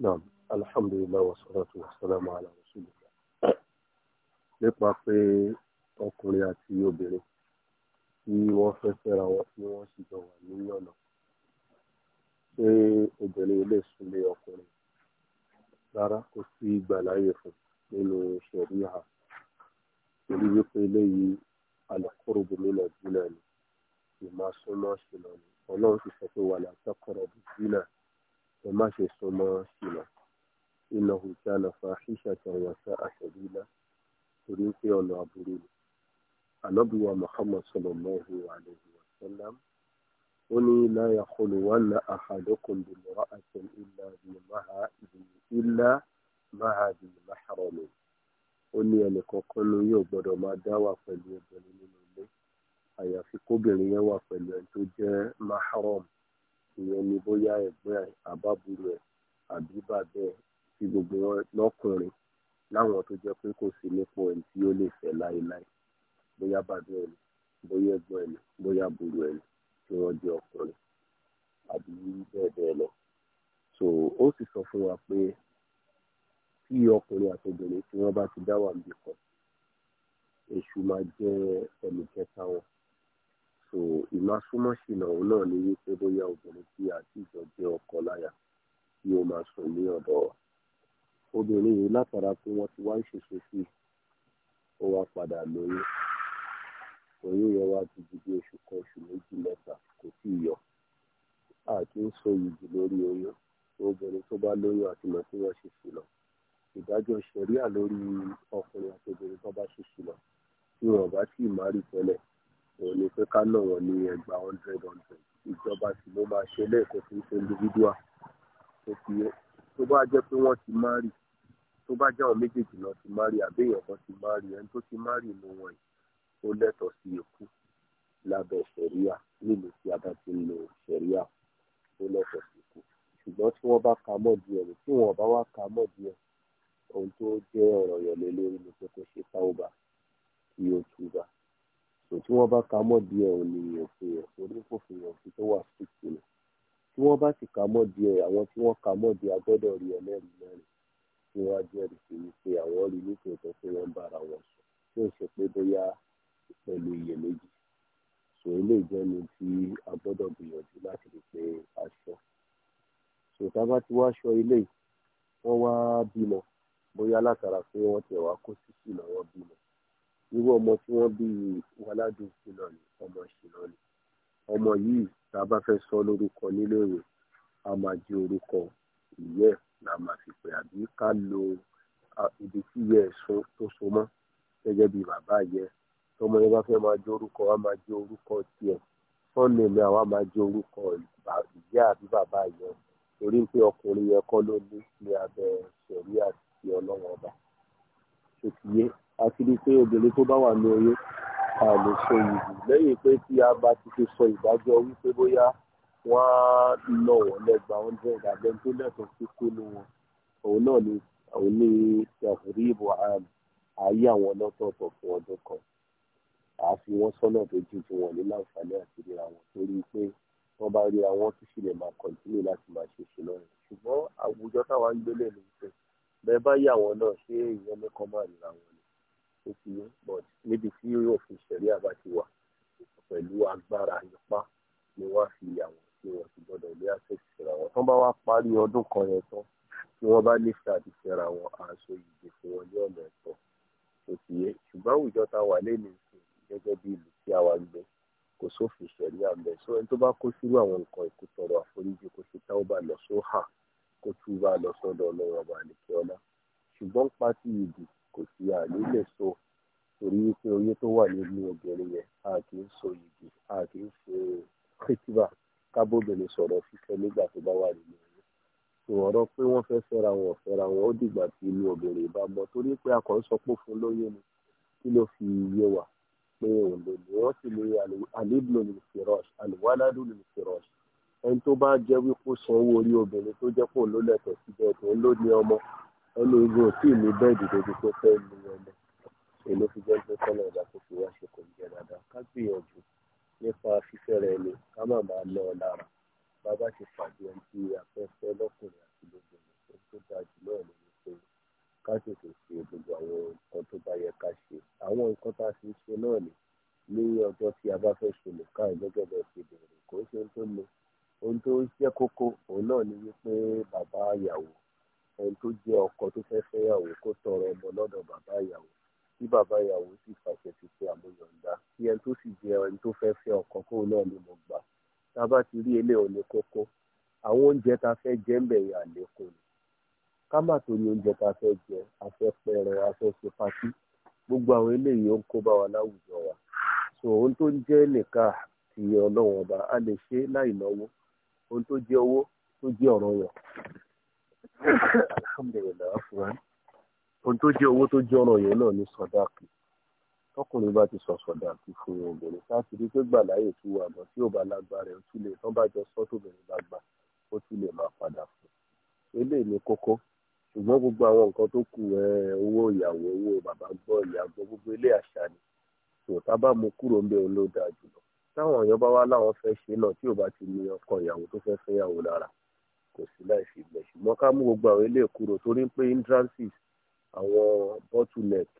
naam alhamdulilayi wa salatu wa salamu ala rasulillah nípa pé ọkùnrin àti obìnrin tí wọ́n fẹ́ fẹ́ra wọn tí wọ́n sì jọ wà ní ọ̀nà pé obìnrin lè súnlé ọkùnrin rárá kò sí ìgbàláyè fún nínú ṣẹ̀ríà torí wípé eléyìí alùkòròbù nínú ìdílé ni ìmọ̀ súnmọ́ ṣìlọ ni ọlọ́run ti sọ pé wà látàkọ̀rọ̀ ìdílé وما في سما سما إنه كان فاحشة وساء سبيلا تريد أن أبرين النبي محمد صلى الله عليه وسلم قل لا يخلون أحدكم بامرأة إلا بمها إلا مها ذي محرم ó ní ẹnìkọ̀ọ̀kan ló yóò gbọ́dọ̀ máa dá wà pẹ̀lú obìnrin nínú ilé àyàfi kóbìnrin yẹn wà pẹ̀lú ẹni tó jẹ́ mahram ìyẹn ni bóyá ẹ̀gbọ́n ẹ̀ àbábúrò ẹ̀ àbí bàbá ẹ̀ tí gbogbo wọn lọ́kùnrin láwọn tó jẹ́ pé kò sí nípò ẹni tí ó lè fẹ́ láéláé bóyá bàbá ẹ̀ ni bóyá ẹ̀gbọ́n ẹ̀ ni bóyá àbúrò ẹ̀ ni tí wọ́n jẹ́ ọkùnrin àbí bẹ́ẹ̀ bẹ́ẹ̀ lọ. so ó sì sọ fún wa pé tí ọkùnrin àti obìnrin tí wọ́n bá ti dá wà níbi kan èṣù máa jẹ́ ẹnì kẹta wọn. so ìmásùmọ̀sìnà òun náà ni wípé bóyá obìnrin tí àti jẹ́ ọkọ láya tí ó máa sùn ní ọ̀dọ̀ obìnrin yìí látara pé wọ́n ti wá ń ṣèṣe sí i ó wá padà lóyún oyún yẹn wá ti di bí oṣù kan oṣù méjì mẹ́ta kò a kì í sọ lórí oyún obìnrin tó bá lóyún àti mọ̀ tí wọ́n ṣe sí lọ ìdájọ́ ṣẹ̀ríà lórí ọkùnrin àti obìnrin tó bá ṣe sí lọ tí wọ́n bá sì má òun ni pé ká nà wọ́n ní ẹgbàá hundred hundred ìjọba sì ló máa ṣe lẹ́ẹ̀kan fún individual tó fi tó bá jẹ́ pé wọ́n ti má rì tó bá jẹ́ àwọn méjèèjì náà ti má rì àbẹ́yẹn kan ti má rì ẹni tó ti má rì inú wọn yìí ó lẹ́tọ̀ọ́ sí ikú lábẹ́ ṣẹ̀ríà nílùú tí a bá ti ń lo ó lẹ́tọ̀ọ́ sí ikú ṣùgbọ́n tí wọ́n bá ka mọ́ díẹ̀ tí wọ́n bá wá ka mọ́ díẹ̀ ohun tó jẹ́ ọ̀rọ̀ yọ̀lẹ́ lórí ni wọ́n bá ka mọ́dí ẹ̀ ò ní òfin ẹ̀fọ́ onífòfin òfin tó wà síkì ni tí wọ́n bá sì ka mọ́dí ẹ̀ àwọn tí wọ́n ka mọ́dí agbọ́dọ̀ rí ẹlẹ́rìí mẹ́rin tí wọ́n á jẹ́rìí sí ni pé àwọn rí nítòótọ́ pé wọ́n ń bára wọn sùn tí ò ṣe pé bóyá pẹ̀lú iyèméjì sọ eléyìí jẹ́nu tí a gbìyànjú láti rí pé aṣọ sọ̀tà bá ti wá aṣọ eléyìí wọ́n wá bímọ bóyá látara pé wọ́n ti wá kó sísì náà wọ́n bímọ irú ọmọ tí wọ́n bí aládùn ṣìnà ni ọmọ ṣìnà ni ọmọ yìí tá a bá fẹ́ sọ lórúkọ níléèwé a máa jẹ́ orúkọ ìyẹ́ la máa fi pè àbí ká lo ibi tí ìyẹ́ tó so mọ́ gẹ́gẹ́ bí bàbá yẹ tọmọ yẹn bá fẹ́ máa jẹ́ orúkọ a máa jẹ́ orúkọ tiẹ̀ sọ́ọ̀nì mi àwa máa jẹ́ orúkọ ìyá àbí bàbá yẹ torí pé ọkùnrin yẹn kọ́ ló ní ní abẹ́ sẹ̀rí àti ọlọ́wọ́n ọba ṣòkìyé àti pé obìnrin tó bá wà ní oyún a lè sọ yìí lẹ́yìn pé tí a bá ti fi sọ ìdájọ́ wípé bóyá wọ́n á lọ wọ́n lẹ́gba hundred abẹ́ni tó lẹ́tọ̀ọ́ sí kúlù wọn òun náà ni òun ní ìyàfùrí ìbò àrùn ayé àwọn lọ́tọ̀ọ̀tọ̀ fún ọdún kan àfi wọ́n sọ́nà tó jù tí wọ́n ní láǹfààní àti ríra wọn torí pé wọ́n bá ríra wọn tún sì máa kọ̀ǹtínú láti máa ṣe ṣe lọ́rùn ṣùgbọ́n àwùjọ táwa ń gbélé ló ń bẹ́ẹ̀ bá yà náà ṣé ìyẹn ní kan máa ríra wọn ó ti yé but níbi tí òfin ṣẹ̀ríà bá ti wà pẹ̀lú agbára ipá ni wọ́n fi àwọn tí wọ́n ti gbọ́dọ̀ ilé àtẹ̀sí ra wọn. tán bá wá parí ọdún kan yẹn tán tí wọ́n bá nífẹ̀ẹ́ àti fẹ́ra wọn aṣọ ìdè fún wọn ní ọ̀nà ẹ̀tọ́ ó ti yé ṣùgbọ́n àwùjọ tá wà lẹ́nu gẹ́gẹ́ bí ìlú tí a wà gbé kò sófin ṣẹ̀ríà àmì so ẹni tó bá kó sírú àwọn nǹkan ìkútọ̀rọ̀ àforíjì kò sí táwọn bá lọ sóhà kó tún bá lọ sọ́dọ̀ ọlọ́run ọba àlèkè ọlá ṣùgbọ́n pátì ìdì kò sí àní lè sọ torí wípé oyé tó wà nínú obìnrin yẹn a kì í sọ yìgì a kì í ṣe kìtìbà kábòbìnrin sọ̀rọ̀ fífẹ́ nígbà tó bá wà nínú oyé tó ọ̀rọ̀ pé wọ́n fẹ́ fẹ́ra wọn fẹ́ra wọn ó dìgbà tí inú obìnrin bá mọ torí pé akọ̀ ń sọ pé fún lóyè ni kí ló fi yé wa pé òun lè wọ́n sì lè àlébùlò ní fìrọ́ṣ àlùwádàdù ní fìrọ́ṣ ẹni tó bá jẹ́ wípé sanwó orí obìnrin tó jẹ́ pò lólẹ̀tọ̀ síbẹ̀ tó ń lò ní ọmọ ó ní ibo tí ìlú bẹ́ẹ̀dì débi tó fẹ́ lu ọmọ ṣe ló fi jẹ́ pé kọ́nà ìgbà tó fi wá ṣe kò jẹ́ dáadáa ká gbìyànjú nípa fífẹ́ rẹ ni ká má máa lọ ọ lára bá bá ti pàdé ẹni tí afẹ́fẹ́ lọ́kùnrin àti lóbìnrin tó tó dáa jù náà ni wípé ká tètè ṣe gbogbo àwọn nǹkan tó bá yẹ ká ṣe àwọn nǹkan tá a ti ṣe náà ni ní ọjọ́ tí a bá fẹ́ ṣe nìkan ìgbẹ́jọ́ bẹ́ẹ̀ ṣe bẹ̀rẹ̀ kò ń ṣe ohun tó le ohun kókó òun náà ni wípé bàbá ìyàwó ẹni tó jẹ́ ọkọ tó fẹ́ fẹ́yàwó kó tọrọ ọmọ lọ́dọ̀ bàbá ìyàwó tí bàbá ìyàwó sì fàṣẹ sí pé àmúyọ̀ǹda kí ẹni tó sì jẹ́ ẹni tó fẹ́ fẹ́ ọkọ kóun náà ni mo gbà tá a bá ti rí eléyìí ní kókó àwọn oúnjẹ tá a fẹ́ jẹ ń bẹ̀yìn àlékún ni ká má torí oúnjẹ tá a fẹ́ jẹ a fẹ́ pẹrẹ a fẹ́ ṣe patí gbogbo àwọn eléyìí ó ń kó bá wa láwùjọ wa so ohun tó ń jẹ́ nìka ti ọlọ́wọ́n ọba a lè ṣe láì náwó ohun tó jẹ́ owó tó jẹ́ ọ̀rọ̀ yàn alhamdulilayi afuran ohun tó jẹ́ owó tó jẹ́ ọ̀rọ̀ yẹn náà ní sọdáàkì tọkùnrin bá ti sọ sọdáàkì fún obìnrin láti rí pé gbà láyè tó wà mọ́ tí ò bá lágbára ó tún lè tán bá jọ sọ tóbìnrin bá gbà ó tún lè máa padà fún eléyìí ní kókó ṣùgbọ́n gbogbo àwọn nǹkan tó kù ẹ owó ìyàwó owó bàbá gbọ́ ìyá gbọ́ gbogbo ilé àṣà ni tó tá bá mú kúrò ń bẹ òun ló dáa jùlọ táwọn èèyàn bá wá láwọn fẹ́ ṣe náà tí ò bá ti ní ọkọ ìyàwó tó fẹ́ fẹ́yàwó lára kò sí láì fi bẹ̀ ṣùgbọ́n ká mú gbogbo àwọn ilé kúrò torí pé hindrances àwọn bottleneck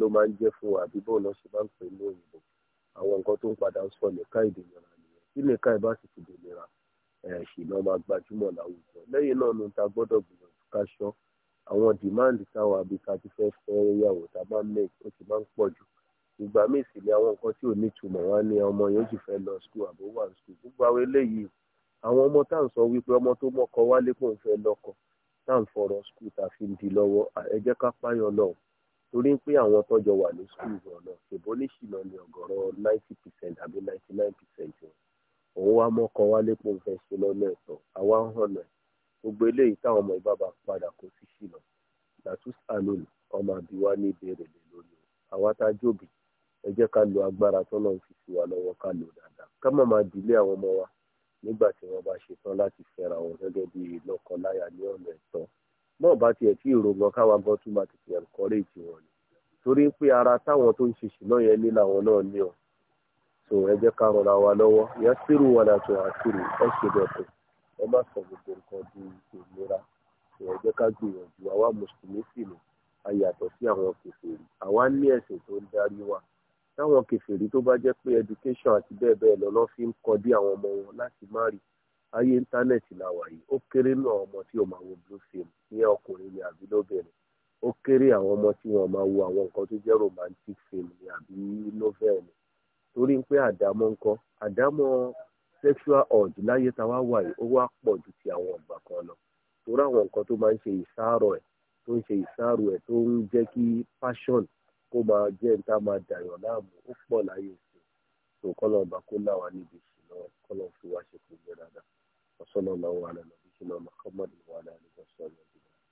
ló máa ń jẹ́ fún wa àbí bọ́ọ̀lù ṣe máa ń pè ní òyìnbó àwọn nǹkan tó ń padà ń sọ nìka ìdènìyàn nìyẹn tí nìka ìbá sì ti dènìyàn ṣìnà máa gbajúmọ̀ láwùjọ lẹ́yìn náà ló ta gbọ́dọ̀ gbìyànjú ká ṣọ́ àwọn demand táwọn àbí ká ti fẹ́ fẹ́ yàwó tá bá make ó ti máa ń pọ̀ jù ìgbà míì sì ni àwọn nǹkan tí ò ní ìtumọ̀ wá ní ọmọ yóò sì fẹ́ lọ school àbó wà school gbogbo àwọn eléyìí àwọn ọmọ tá à ń sọ wípé ọmọ tó mọ́kọ wálé kò ń fẹ́ lọ́kọ tá à ń fọ̀rọ̀ skul tá a fi ń di lọ́wọ́ ẹ jẹ́ ká páyọ̀ lọ́hùn torí pé àwọn tọ́jọ wà ní skul ọ̀nà ṣèbó ní ṣìnà ní ọ̀gọ̀rọ̀ ninety percent àbí ninety nine percent òun wá mọ́kọ wálé kò ń fẹ́ ṣe lọ́nà ẹ̀tọ́ àwa ń hànà gbogbo eléyìí táwọn ọmọ ìbá bá padà kó sí ṣìnà latus alol ọmọ àbí wa ní ìbéèrè lè lórí àwa tá a jóbi ẹ jẹ́ ká lo agbára tọ́lọ́ fi sí wa lọ́wọ́ ká lò dáadáa ká má máa dìlé àwọn ọmọ wa nígbà tí wọ́n bá ṣetán láti fẹ́ra wọn gẹ́gẹ́ bí lọ́kọláya ní ọ̀nà ẹ̀tọ́ náà bá tiẹ̀ tí ìrògbọ̀n káwa gan tún máa tètè ẹ̀ńkọ́rẹ́jì wọn ni torí pé ara táwọn tó ń ṣe ṣìnà yẹn ní làwọn náà ní ọ so ẹ jẹ́ ká rọra wa lọ́wọ́ ìyẹn sírù wà láti wà sírù ẹ ṣe dẹ̀kun ẹ má sọ gbogbo nǹkan di ìlera so ẹ jẹ́ ká gbìyànjú àwa mùsùlùmí sì ni a yàtọ̀ sí àwọn kòkòrò àwa ní ẹ̀sìn tó ń darí wa. táwọn kèfèrí tó bá jẹ pé education àti bẹ́ẹ̀ bẹ́ẹ̀ lọ fi ń kọ́ dí àwọn ọmọ wọn láti má rí ayé íńtánẹ́ẹ̀tì la wà yìí ó kéré nù àwọn ọmọ tí wọn máa wo blue ní ọkùnrin ni àbí lóbìnrin ó kéré àwọn ọmọ tí wọn máa wo àwọn nǹkan tó jẹ́ romantic film ni àbí novel ni torí pé àdámọ́ ńkọ́ àdámọ́ sexual urge láyé tá a wá wà yìí ó wá pọ̀ ju ti àwọn ọgbà kan lọ torí àwọn nǹkan tó kó máa jẹ́ níta máa dàyàn láàmú ó pọ̀ láyé òfin tó kọ́lọ̀ ọba kó láwa níbi ìṣúná kọ́lọ̀ fún wa ṣe kò gbé dáadáa ọ̀sán náà làwọn àlànà bí ṣe máa mọ̀ kọ́mọ̀dé wà láàrin ọ̀sán náà.